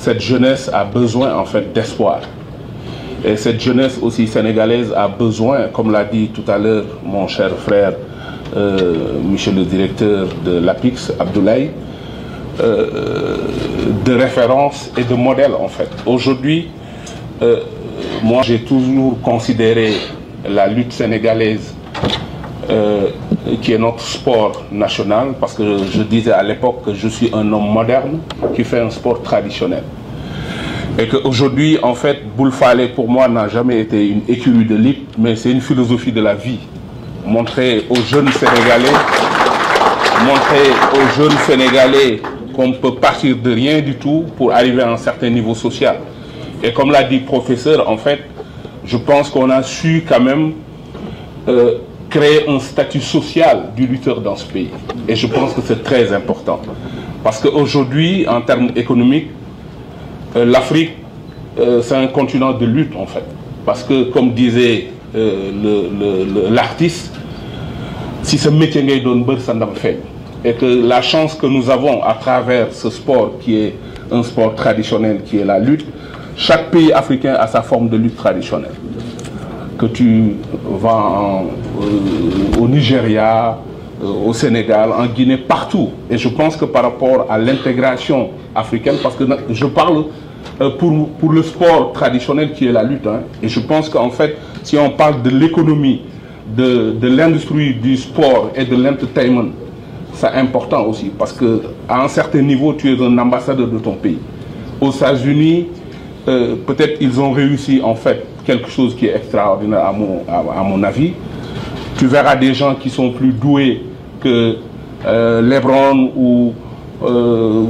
cette jeunesse a besoin en fait d'espoir. Et cette jeunesse aussi sénégalaise a besoin, comme l'a dit tout à l'heure mon cher frère euh, Michel le directeur de l'APIX, Abdoulaye, euh, de référence et de modèles en fait. Aujourd'hui, euh, moi j'ai toujours considéré la lutte sénégalaise euh, euh, qui est notre sport national, parce que je disais à l'époque que je suis un homme moderne qui fait un sport traditionnel. Et qu'aujourd'hui, en fait, boule Boulfalé, pour moi, n'a jamais été une écurie de libre, mais c'est une philosophie de la vie. Montrer aux jeunes Sénégalais, montrer aux jeunes Sénégalais qu'on peut partir de rien du tout pour arriver à un certain niveau social. Et comme l'a dit le professeur, en fait, je pense qu'on a su quand même euh, créer un statut social du lutteur dans ce pays. Et je pense que c'est très important. Parce qu'aujourd'hui, en termes économiques, euh, l'Afrique, euh, c'est un continent de lutte en fait. Parce que, comme disait euh, l'artiste, si ce métier donne, pas ça n'a fait. Et que la chance que nous avons à travers ce sport qui est un sport traditionnel, qui est la lutte, chaque pays africain a sa forme de lutte traditionnelle que tu vas euh, au Nigeria, euh, au Sénégal, en Guinée, partout. Et je pense que par rapport à l'intégration africaine, parce que je parle euh, pour, pour, le sport traditionnel qui est la lutte, hein. et je pense qu'en fait, si on parle de l'économie, de, l'industrie du sport et de l'entertainment, c'est important aussi, parce qu'à un certain niveau, tu es un ambassadeur de ton pays. Aux États-Unis, peut-être ils ont réussi en fait quelque chose qui est extraordinaire à mon, à, mon avis. Tu verras des gens qui sont plus doués que euh, Lebron ou euh,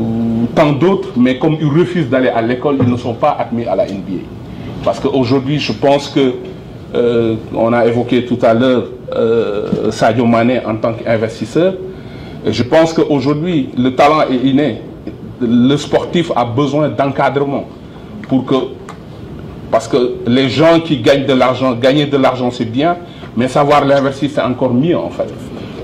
tant d'autres, mais comme ils refusent d'aller à l'école, ils ne sont pas admis à la NBA. Parce qu'aujourd'hui, je pense que, euh, on a évoqué tout à l'heure euh, Sadio Mané en tant qu'investisseur, je pense qu'aujourd'hui, le talent est inné. Le sportif a besoin d'encadrement pour que parce que les gens qui gagnent de l'argent, gagner de l'argent c'est bien, mais savoir l'inverser c'est encore mieux en fait.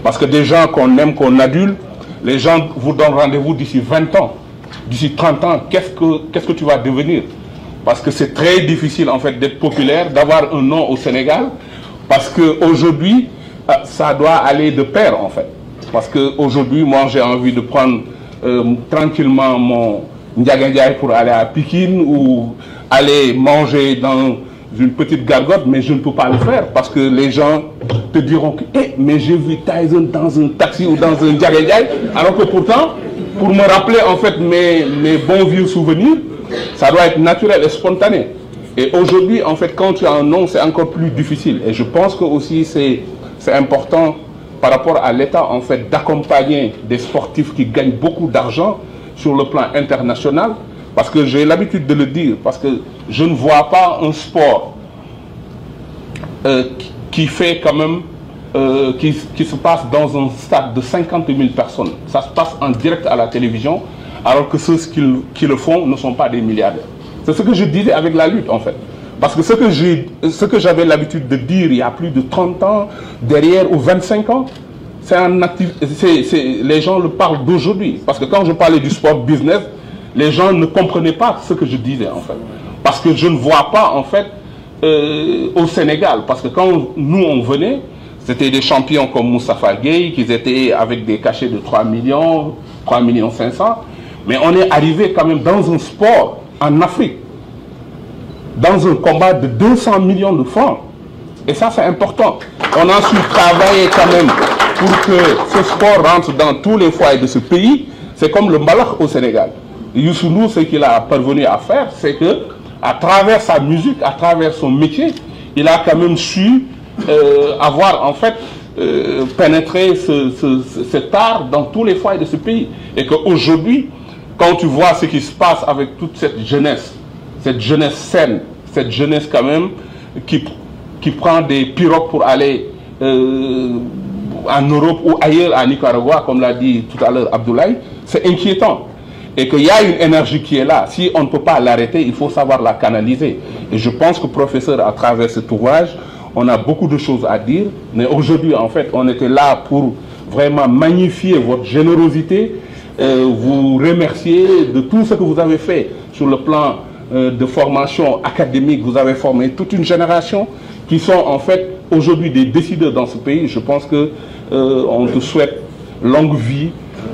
Parce que des gens qu'on aime, qu'on adule, les gens vous donnent rendez-vous d'ici 20 ans, d'ici 30 ans, qu'est-ce que, que tu vas devenir Parce que c'est très difficile en fait d'être populaire, d'avoir un nom au Sénégal, parce qu'aujourd'hui, euh, ça doit aller de pair en fait. Parce qu'aujourd'hui, moi j'ai envie de prendre euh, tranquillement mon, Ndiagandiaï pour aller à Pékin ou aller manger dans une petite gargote, mais je ne peux pas le faire parce que les gens te diront que eh, mais j'ai vu Tyson dans un taxi ou dans un Ndiagandiaï, alors que pourtant, pour me rappeler en fait mes, mes bons vieux souvenirs, ça doit être naturel et spontané. Et aujourd'hui, en fait, quand tu as un nom, c'est encore plus difficile. Et je pense que aussi, c'est important par rapport à l'État, en fait, d'accompagner des sportifs qui gagnent beaucoup d'argent sur le plan international, parce que j'ai l'habitude de le dire, parce que je ne vois pas un sport euh, qui fait quand même, euh, qui, qui, se passe dans un stade de 50 000 personnes. Ça se passe en direct à la télévision, alors que ceux qui, qui le font ne sont pas des milliardaires. C'est ce que je disais avec la lutte, en fait. Parce que ce que j'avais l'habitude de dire il y a plus de 30 ans, derrière, ou 25 ans, c'est un actif, les gens le parlent d'aujourd'hui. Parce que quand je parlais du sport business, les gens ne comprenaient pas ce que je disais en fait. Parce que je ne vois pas en fait euh, au Sénégal. Parce que quand nous on venait, c'était des champions comme Moussa Gueye, qui étaient avec des cachets de 3 millions, 3 millions 500. Mais on est arrivé quand même dans un sport en Afrique, dans un combat de 200 millions de francs. Et ça, c'est important. On a su travailler quand même pour que ce sport rentre dans tous les foyers de ce pays, c'est comme le malheur au Sénégal. Youssou ce qu'il a parvenu à faire, c'est que à travers sa musique, à travers son métier, il a quand même su euh, avoir en fait euh, pénétré cet art dans tous les foyers de ce pays. Et qu'aujourd'hui, quand tu vois ce qui se passe avec toute cette jeunesse, cette jeunesse saine, cette jeunesse quand même qui, qui prend des pirogues pour aller euh, en Europe ou ailleurs, à Nicaragua, comme l'a dit tout à l'heure Abdoulaye, c'est inquiétant. Et qu'il y a une énergie qui est là. Si on ne peut pas l'arrêter, il faut savoir la canaliser. Et je pense que, professeur, à travers ce ouvrage, on a beaucoup de choses à dire. Mais aujourd'hui, en fait, on était là pour vraiment magnifier votre générosité, euh, vous remercier de tout ce que vous avez fait sur le plan euh, de formation académique. Vous avez formé toute une génération qui sont, en fait, aujourd'hui des décideurs dans ce pays, je pense que euh, on te souhaite longue vie,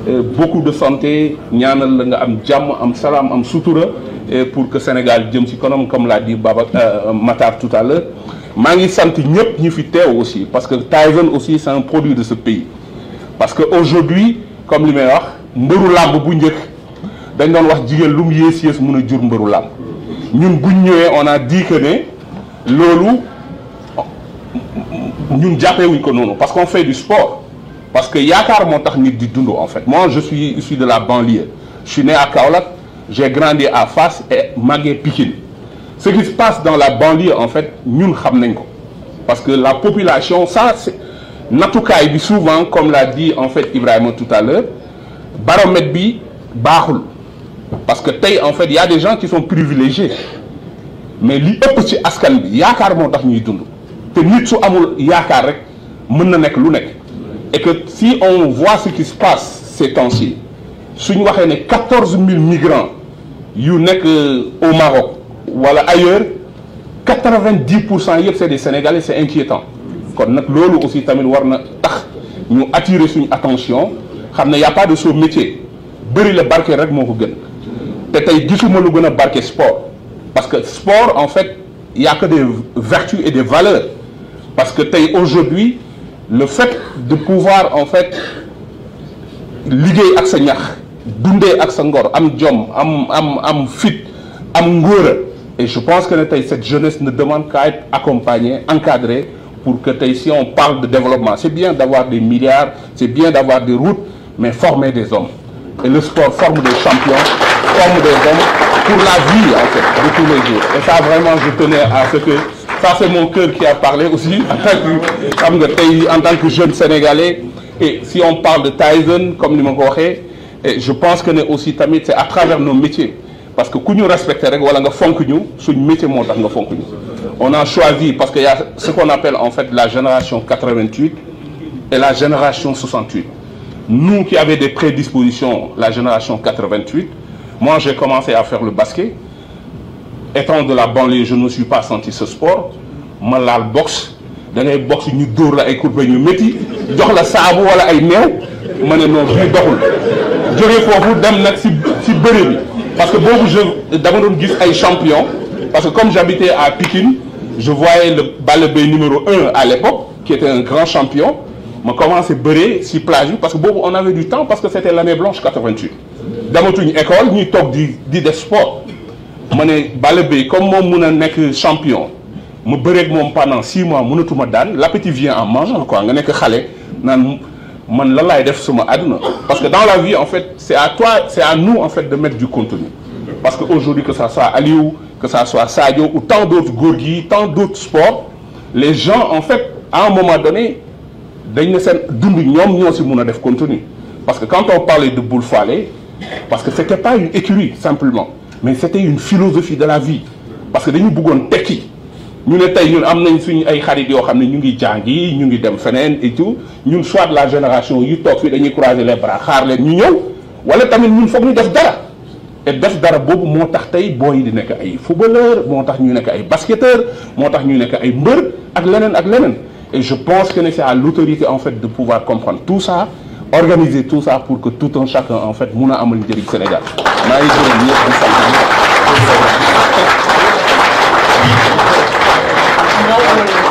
euh, beaucoup de santé, ñaanal la nga am jàmm am un am sutura pour que Sénégal jëm ci comme l'a dit Baba euh, Matar tout à l'heure maa ngi sant de ñu fi aussi parce que Tyson aussi c'est un produit de ce pays parce que aujourd'hui comme li may wax mbëru làmb bu njëkk dañ doon wax jigen lu mu yees yées jur mbëru lamb. ñun buñ on a dit que né lolu nous sommes wuñ non parce qu'on fait du sport parce que Yakar a nit di en fait moi je suis issu de la banlieue je suis né à Kaolack j'ai grandi à Fas et suis piqué. ce qui se passe dans la banlieue en fait nous savons. parce que la population ça c'est est souvent comme l'a dit en fait Ibrahim tout à l'heure baromètre bi parce que en fait il y a des gens qui sont privilégiés mais li ëpp ci askan bi yaakaar ñuy que rek mën na lu et que si on voit ce qui se passe ces temps-ci suñu waxee que 14 000 migrants yu nek euh, au Maroc ou ailleurs 90% vingt c'est des Sénégalais c'est inquiétant kon nak lolu aussi tamit warna tax ñu attirer suñu attention xamné y a pas de ce métier bëri le barke rek moko gën té tay gisuma lu gëna sport parce que sport en fait il y a que des vertus et des valeurs parce que aujourd'hui, le fait de pouvoir en fait liguer ak sa ñax avec ak am Djom, am am fit et je pense que cette jeunesse ne demande qu'à être accompagnée encadrée pour que si on parle de développement c'est bien d'avoir des milliards c'est bien d'avoir des routes mais former des hommes et le sport forme des champions forme des hommes pour la vie en fait de tous les jours et ça vraiment je tenais à ce que ça c'est mon cœur qui a parlé aussi en tant que, jeune sénégalais et si on parle de Tyson comme nous ma je pense que est aussi tamit c'est à travers nos métiers parce que respectons nous règles rek wala nga nous, c'est métier on a choisi parce qu'il y a ce qu'on appelle en fait la génération 88 et la génération 68 nous qui avions des prédispositions la génération 88 moi j'ai commencé à faire le basket étant de la banlieue je ne suis pas senti ce sport mais la boxe Dans la boxe ñu dóor la ay courbe ñu métti jox la saabu wala ay meew ma non bii doxul jógee foofu dem nag si si bëre parce que beaucoup je d'abord doon gis ay champion parce que comme j'habitais à Pikine je voyais le balle numéro 1 à l'époque qui était un grand champion ma à bëre si plage parce que beaucoup on avait du temps parce que c'était l'année blanche 88 damatuñ école nous toog di di sport mané suis un comme je mun champion mu bëreeg mom pendant 6 mois mënatuma dan l'appétit vient en mangeant quoi nga un xale man la lay def suma àdduna parce que dans la vie en fait c'est à toi c'est à nous en fait de mettre du contenu parce que aujourd'hui que ça soit Aliou que ça soit Sadio ou tant d'autres gorgies, tant d'autres sports les gens en fait à un moment donné dañ ne seen dund ñom ñoo contenu parce que quand on parlait de boule Falé parce que c'était pas une écurie simplement mais c'était une philosophie de la vie parce que dañu bëggoon tekki ñu qui tey ñun am nañ suñu ay xarit yoo xam ñu ngi ñu ngi dem feneen et tout ñun soit la génération yu toog nous dañuy croiser les bras xaar leen ñu ñëw wala tamit ñun foog et def dara boobu moo tax tey di nekk ay footballeur moo ñu basketteur moo ñu nekk et je pense que c'est à l'autorité en fait de pouvoir comprendre tout ça organiser tout ça pour que tout un chacun en fait mun a le Sénégal